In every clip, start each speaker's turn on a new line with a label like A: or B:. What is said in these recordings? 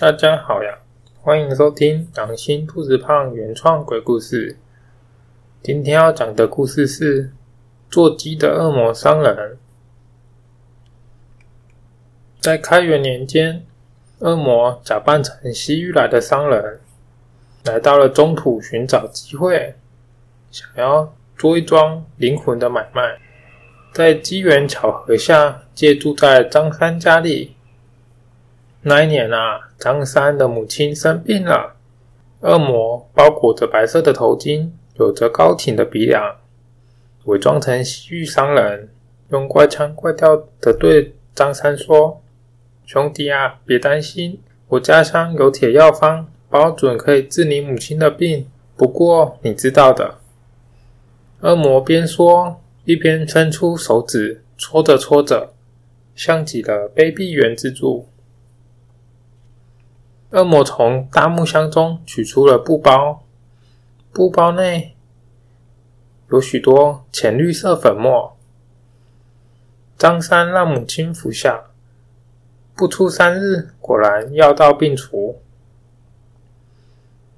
A: 大家好呀，歡迎收聽《良心兔子胖》原創鬼故事。今天要講的故事是《做雞的惡魔商人》。在開元年間，惡魔假扮成西域來的商人，來到了中土尋找機會，想要做一樁靈魂的買賣。在機緣巧合下，借住在張三家裡。那一年啊，張三的母親生病了。惡魔包裹着白色的頭巾，有着高挺的鼻梁，偽裝成西域商人，用怪腔怪調的對張三說：“兄弟啊，別擔心，我家鄉有鐵藥方，保準可以治你母親的病。不過你知道的。”惡魔邊說，一邊伸出手指搓着搓着，像極了卑鄙原之主。惡魔從大木箱中取出了布包，布包內有許多淺綠色粉末。張三讓母親服下，不出三日，果然藥到病除。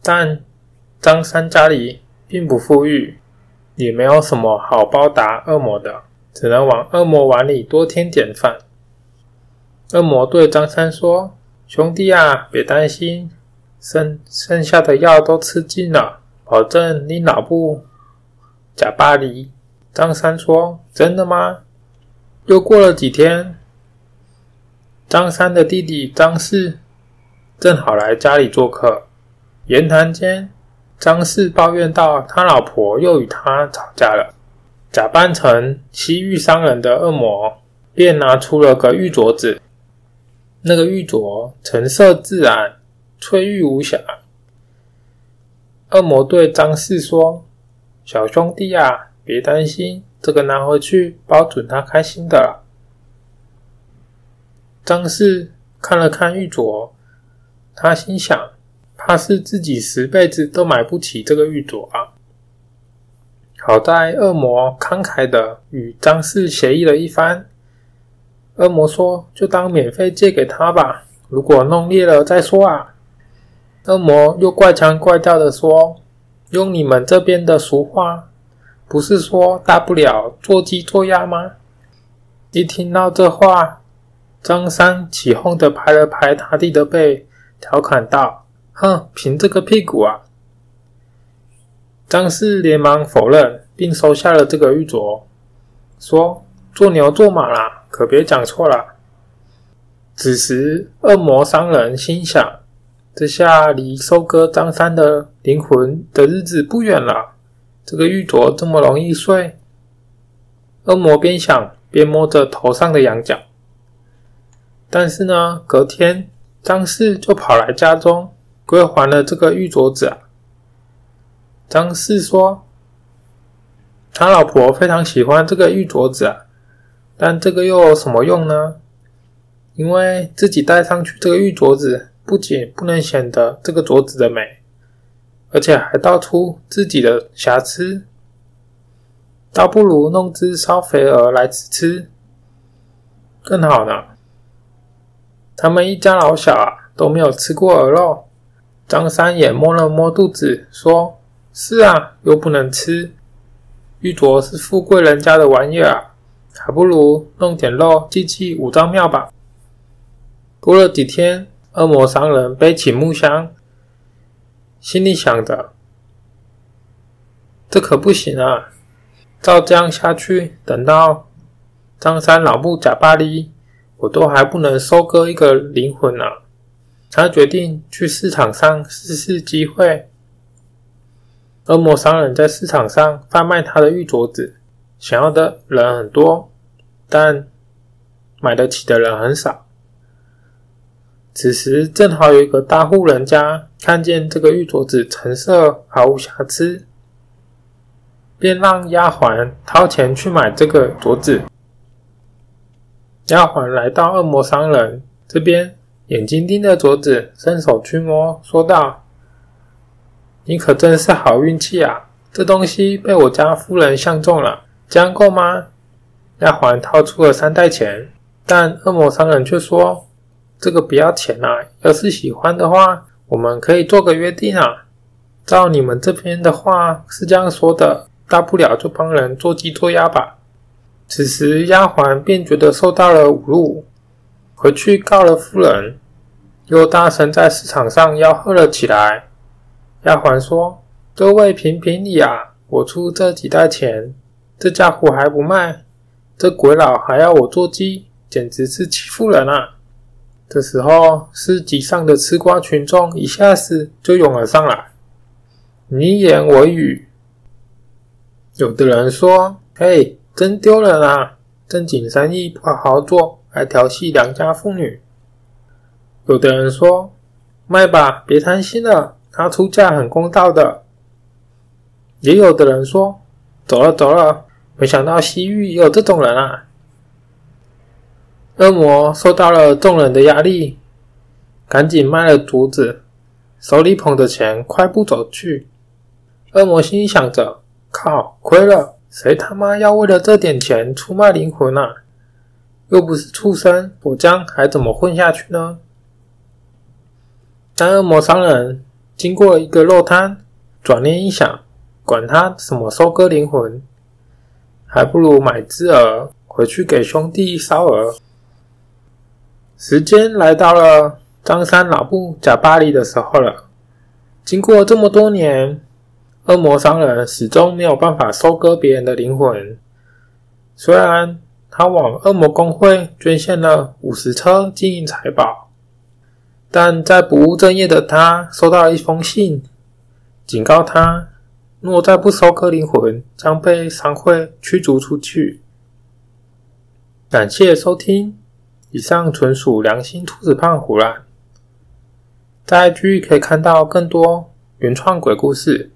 A: 但張三家裡並不富裕，也沒有什麼好報答惡魔的，只能往惡魔碗裡多添點飯。惡魔對張三說。兄弟啊，別擔心，剩，剩下的藥都吃盡了，保證你腦部假巴黎。張三說：“真的嗎？”又過了幾天，張三的弟弟張四正好來家裡做客，言談間，張四抱怨道：“他老婆又與他吵架了。”假扮成西域商人的惡魔便拿出了個玉鐲子。那個玉鐲成色自然，翠玉無瑕。惡魔對張氏說：“小兄弟啊，別擔心，這個拿回去，包準他開心的了。”張氏看了看玉鐲，他心想：“怕是自己十輩子都買不起這個玉鐲啊！”好在惡魔慷慨的與張氏協議了一番。惡魔說：“就當免費借給他吧，如果弄裂了再說啊。”惡魔又怪腔怪調地說：“用你們這邊的俗話，不是說大不了做雞做鴨嗎？”一聽到這話，張三起哄的排排地拍了拍他弟的背，調侃道：“哼，憑這個屁股啊！”張四連忙否認，並收下了這個玉鐲，說。做牛做馬啦、啊，可別講錯了。此時，惡魔商人心想：這下離收割張三的靈魂的日子不遠了。這個玉鐲這麼容易碎？惡魔邊想邊摸着頭上的羊角。但是呢，隔天張四就跑來家中歸還了這個玉鐲子啊。張四說：“他老婆非常喜歡這個玉鐲子啊。”但這個又有什麼用呢？因為自己戴上去，這個玉鐲子不僅不能顯得這個鐲子的美，而且還道出自己的瑕疵。倒不如弄隻燒肥鵝來吃吃，更好呢。他們一家老小啊都沒有吃過鵝肉。張三也摸了摸肚子，說：“是啊，又不能吃，玉鐲是富貴人家的玩意兒啊。”還不如弄點肉祭祭五臟廟吧。過了幾天，惡魔商人背起木箱，心裡想着：這可不行啊！照這樣下去，等到張三老木假巴黎，我都還不能收割一個靈魂呢、啊。他決定去市場上試試機會。惡魔商人在市場上販賣他的玉鐲子。想要的人很多，但買得起的人很少。此時正好有一個大戶人家看見這個玉鐲子，成色毫無瑕疵，便讓丫鬟掏錢去買這個鐲子。丫鬟來到惡魔商人這邊，眼睛盯着鐲子，伸手去摸，說道：“你可真是好運氣啊！這東西被我家夫人相中了。”這樣夠嗎？丫鬟掏出了三袋錢，但惡魔商人卻說：“這個不要錢啊！要是喜歡的話，我們可以做個約定啊。照你們這邊的話是這樣說的，大不了就幫人做雞做鴨吧。”此時，丫鬟便覺得受到了侮辱，回去告了夫人，又大聲在市場上吆喝了起來。丫鬟說：“各位評評理啊！我出這幾袋錢。”這家伙還不賣，這鬼佬還要我做雞，簡直是欺負人啊！這時候，市集上的吃瓜群眾一下子就湧了上來，你言我語。有的人說：“嘿，真丟人啊！正經生意不好好做，還調戲良家婦女。”有的人說：“賣吧，別貪心了，他出價很公道的。”也有的人說：“走了，走了。”沒想到西域也有這種人啊！”惡魔受到了眾人的壓力，趕緊賣了竹子，手裡捧着錢，快步走去。惡魔心想着：“靠，虧了！誰他媽要為了這點錢出賣靈魂啊？又不是畜生，我將還怎麼混下去呢？”但惡魔商人經過一個肉攤，轉念一想：“管他什麼收割靈魂。”還不如買隻鵝回去給兄弟燒鵝。時間來到了張三老布假巴黎的時候了。經過這麼多年，惡魔商人始終沒有辦法收割別人的靈魂。雖然他往惡魔工會捐獻了五十車金銀財寶，但在不務正業的他收到了一封信，警告他。若再不收割靈魂，將被商會驅逐出去。感謝收聽，以上純屬良心兔子胖胡啦。在 IG 可以看到更多原創鬼故事，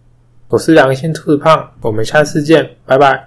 A: 我是良心兔子胖，我們下次見，拜拜。